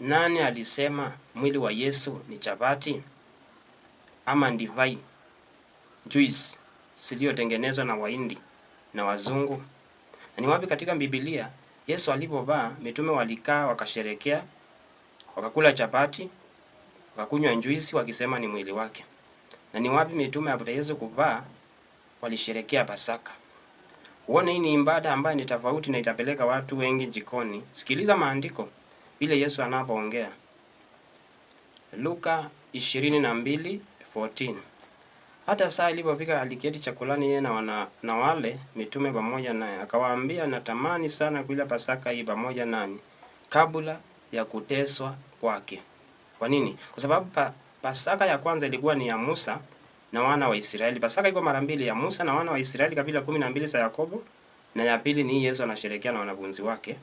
Nani alisema mwili wa Yesu ni chapati ama divai juice ziliyotengenezwa na Wahindi na Wazungu? Na ni wapi katika Biblia Yesu alipovaa mitume walikaa wakasherekea, wakakula chapati, wakakunywa njuisi wakisema ni mwili wake? Na ni wapi mitume baada ya Yesu kuvaa walisherekea Pasaka? Uone hii ni ibada ambayo ni tofauti na itapeleka watu wengi jikoni. Sikiliza maandiko vile Yesu anapoongea Luka 22:14. Hata saa ilipofika aliketi chakulani yeye na, wana, na wale mitume pamoja naye, akawaambia natamani sana kuila Pasaka hii pamoja nanyi kabla ya kuteswa kwake. Kwa nini? Kwa sababu pa, Pasaka ya kwanza ilikuwa ni ya Musa na wana wa Israeli. Pasaka iko mara mbili, ya Musa na wana wa Israeli kabila 12 za Yakobo, na ya pili ni Yesu anasherehekea na wanafunzi wake.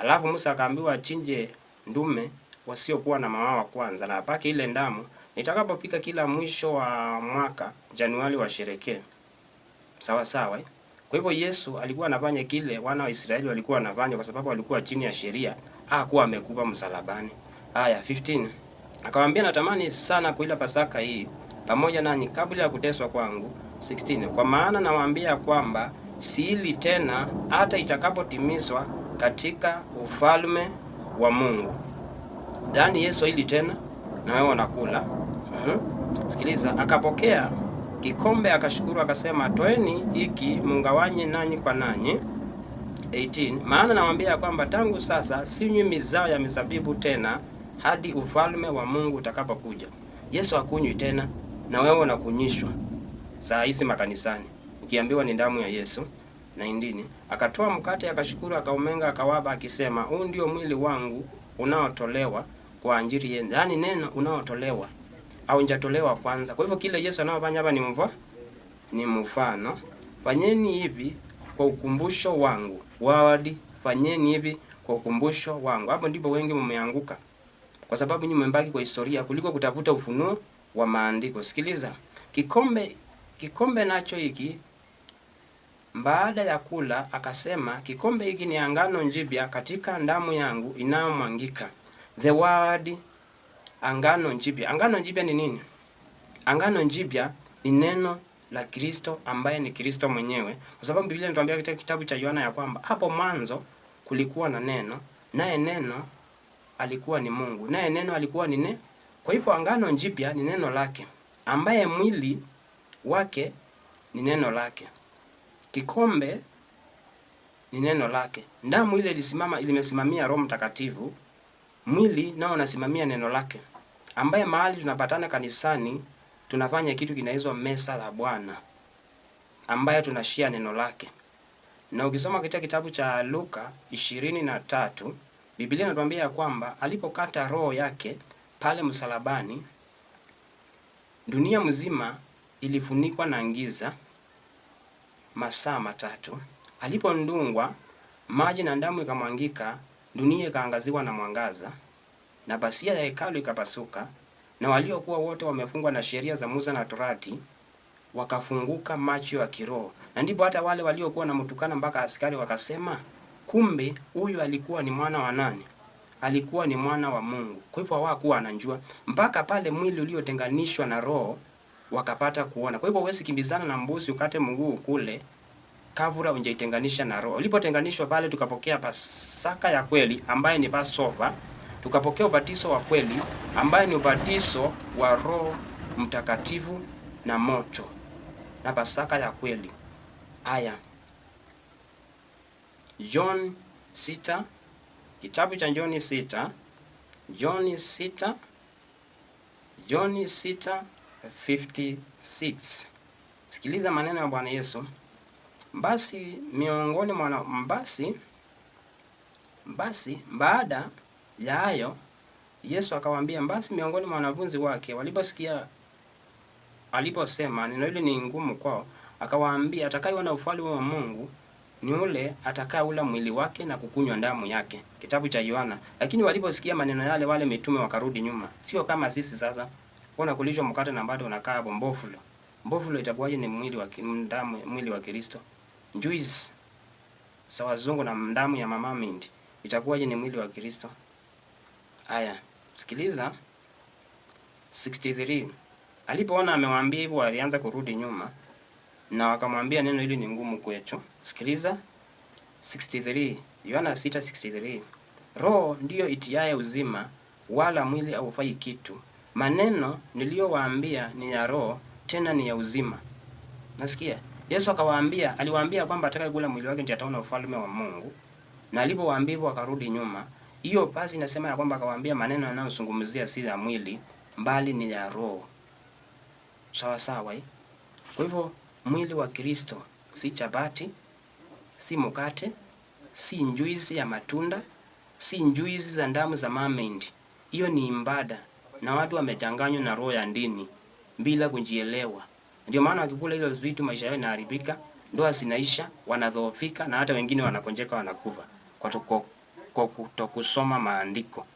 Alafu Musa akaambiwa achinje ndume wasiokuwa na mawawa kwanza na apake ile ndamu, nitakapopika kila mwisho wa mwaka Januari washerekee. Sawa sawa eh? Kwa hivyo Yesu alikuwa anafanya kile wana wa Israeli walikuwa wanafanya, kwa sababu walikuwa chini ya sheria, hakuwa amekufa msalabani. Aya 15 akamwambia, natamani sana kuila Pasaka hii pamoja nanyi kabla ya kuteswa kwangu. 16 kwa maana nawaambia kwamba siili tena hata itakapotimizwa katika ufalme wa Mungu. Dani Yesu hili tena na wewe unakula. Mm-hmm. Sikiliza, akapokea kikombe akashukuru, akasema toeni hiki mungawanye nanyi kwa nanyi. 18 Maana nawaambia kwamba tangu sasa sinywi mizao ya mizabibu tena hadi ufalme wa Mungu utakapokuja. Yesu akunywi tena, na wewe unakunyishwa saa hizi makanisani, ukiambiwa ni damu ya Yesu. 19 akatoa mkate akashukuru, akaumenga, akawapa akisema, huu ndio mwili wangu unaotolewa kwa ajili yenu. Yaani neno unaotolewa au njatolewa kwanza. Kwa hivyo kile Yesu anayofanya hapa ni mfa ni mfano. Fanyeni hivi kwa ukumbusho wangu. Wawadi, fanyeni hivi kwa ukumbusho wangu. Hapo ndipo wengi mmeanguka. Kwa sababu nyinyi mmebaki kwa historia kuliko kutafuta ufunuo wa maandiko. Sikiliza. Kikombe kikombe nacho hiki baada ya kula akasema, kikombe hiki ni angano njipya katika damu yangu inayomwangika. The word angano njipya. Angano njipya ni nini? Angano njipya ni neno la Kristo ambaye ni Kristo mwenyewe, kwa sababu Biblia inatuambia katika kitabu cha Yohana ya kwamba hapo mwanzo kulikuwa na neno, naye neno alikuwa ni Mungu, naye neno alikuwa ni ne. Kwa hivyo angano njipya ni neno lake, ambaye mwili wake ni neno lake. Kikombe ni neno lake, damu ile ilisimama limesimamia Roho Mtakatifu, mwili nao unasimamia neno lake, ambaye mahali tunapatana kanisani tunafanya kitu kinaitwa mesa la Bwana, ambayo tunashia neno lake. Na ukisoma katika kitabu cha Luka ishirini na tatu Biblia inatuambia ya kwamba alipokata roho yake pale msalabani, dunia mzima ilifunikwa na ngiza masaa matatu. Alipondungwa maji na damu ikamwangika, dunia ikaangaziwa na mwangaza, na basia ya hekalu ikapasuka, na waliokuwa wote wamefungwa na sheria za Musa na Torati wakafunguka macho ya kiroho, na ndipo hata wale waliokuwa namtukana mpaka askari wakasema, kumbe huyu alikuwa ni mwana wa nani? Alikuwa ni mwana wa Mungu. Kwa hivyo hawakuwa anajua mpaka pale mwili uliotenganishwa na roho wakapata kuona. Kwa hivyo huwezi kimbizana na mbuzi ukate mguu kule kavura unjaitenganisha na roho. Ulipotenganishwa pale, tukapokea Pasaka ya kweli ambaye ni Passover, tukapokea ubatizo wa kweli ambaye ni ubatizo wa Roho Mtakatifu na moto na Pasaka ya kweli. Aya, John sita, kitabu cha John sita, John sita, John sita 56. Sikiliza maneno ya Bwana Yesu. Basi miongoni mwa basi basi baada ya hayo Yesu akawaambia, basi miongoni mwa wanafunzi wake waliposikia aliposema neno hili ni ngumu kwao, akawaambia, atakayeona ufalme wa Mungu ni ule atakaula mwili wake na kukunywa damu yake. Kitabu cha Yohana. Lakini waliposikia maneno yale, wale mitume wakarudi nyuma, sio kama sisi sasa. Wewe kulishwa mkate na bado unakaa hapo mbofulo. Mbofulo itakuwaje ni mwili wa damu mwili wa Kristo? Juice sawa zungu na damu ya mama mint itakuwaje ni mwili wa Kristo? Aya, sikiliza 63. Alipoona amewaambia hivyo, alianza kurudi nyuma na wakamwambia, neno hili ni ngumu kwetu. Sikiliza 63, Yohana 6:63, roho ndiyo itiaye uzima, wala mwili haufai kitu maneno niliyowaambia ni ya roho tena ni ya uzima. Nasikia Yesu akawaambia, aliwaambia kwamba atakayekula mwili wake ndiye ataona ufalme wa Mungu, na alipowaambia hivyo akarudi nyuma. Hiyo basi inasema ya kwamba akawaambia maneno yanayozungumzia si ya mwili, mbali ni ya roho. Sawa sawa. Eh? Kwa hivyo mwili wa Kristo si chapati, si mkate, si njuizi ya matunda, si njuizi za ndamu za mamendi. Hiyo ni imbada na watu wamechanganywa na roho ya ndini bila kujielewa. Ndio maana wakikula hizo vitu maisha yao yanaharibika, ndoa zinaisha, wanadhoofika na hata wengine wanakonjeka, wanakufa kwa kutokusoma maandiko.